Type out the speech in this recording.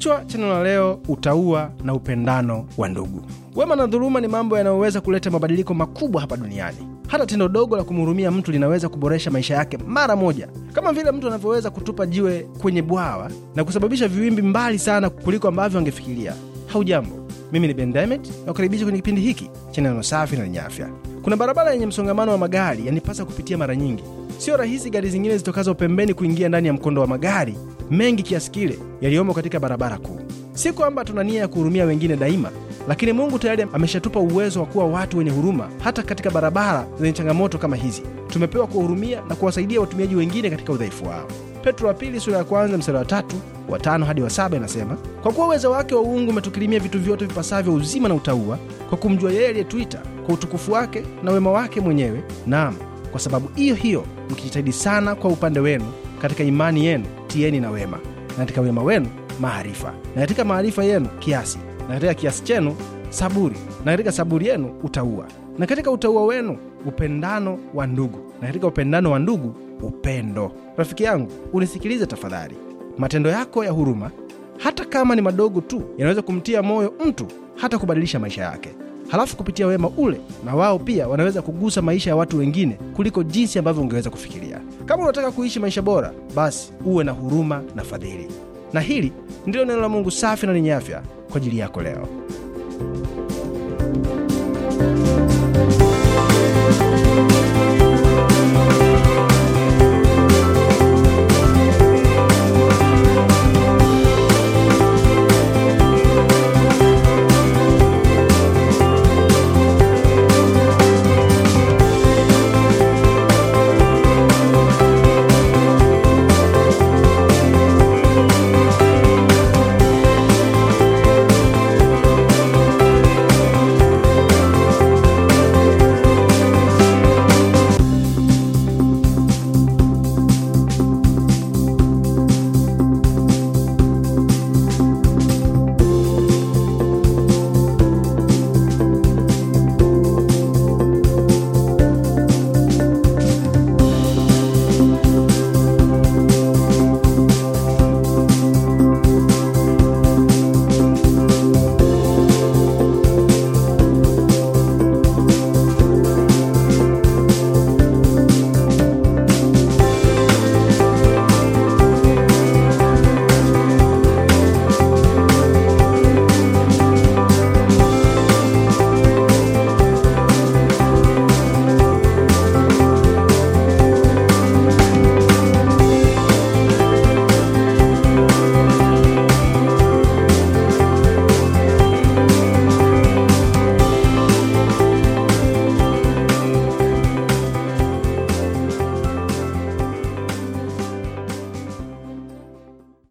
Kichwa cha neno la leo, utaua na upendano wa ndugu. Wema na dhuluma ni mambo yanayoweza kuleta mabadiliko makubwa hapa duniani. Hata tendo dogo la kumhurumia mtu linaweza kuboresha maisha yake mara moja, kama vile mtu anavyoweza kutupa jiwe kwenye bwawa na kusababisha viwimbi mbali sana kuliko ambavyo angefikiria. Haujambo, mimi ni Ben Diamond na kukaribisha kwenye kipindi hiki cha neno safi na lenye afya. Kuna barabara yenye msongamano wa magari yanipasa kupitia mara nyingi. Sio rahisi gari zingine zitokazo pembeni kuingia ndani ya mkondo wa magari mengi kiasi kile yaliyomo katika barabara kuu. Si kwamba tuna nia ya kuhurumia wengine daima, lakini Mungu tayari ameshatupa uwezo wa kuwa watu wenye huruma hata katika barabara zenye changamoto kama hizi. Tumepewa kuwahurumia na kuwasaidia watumiaji wengine katika udhaifu wao. Petro wa pili sura ya kwanza mstari wa tatu wa tano hadi wa saba inasema, kwa kuwa uwezo wake wa uungu umetukirimia vitu vyote vipasavyo uzima na utaua kwa kumjua yeye aliyetuita kwa utukufu wake na wema wake mwenyewe. Naam, kwa sababu hiyo hiyo mkijitahidi sana kwa upande wenu katika imani yenu tieni na wema, na katika wema wenu maarifa, na katika maarifa yenu kiasi, na katika kiasi chenu saburi, na katika saburi yenu utaua na katika utaua wenu upendano wa ndugu, na katika upendano wa ndugu upendo. Rafiki yangu, unisikilize tafadhali. Matendo yako ya huruma, hata kama ni madogo tu, yanaweza kumtia moyo mtu hata kubadilisha maisha yake. Halafu kupitia wema ule, na wao pia wanaweza kugusa maisha ya watu wengine kuliko jinsi ambavyo ungeweza kufikiria. Kama unataka kuishi maisha bora, basi uwe na huruma na fadhili. Na hili ndilo neno la Mungu safi na lenye afya kwa ajili yako leo.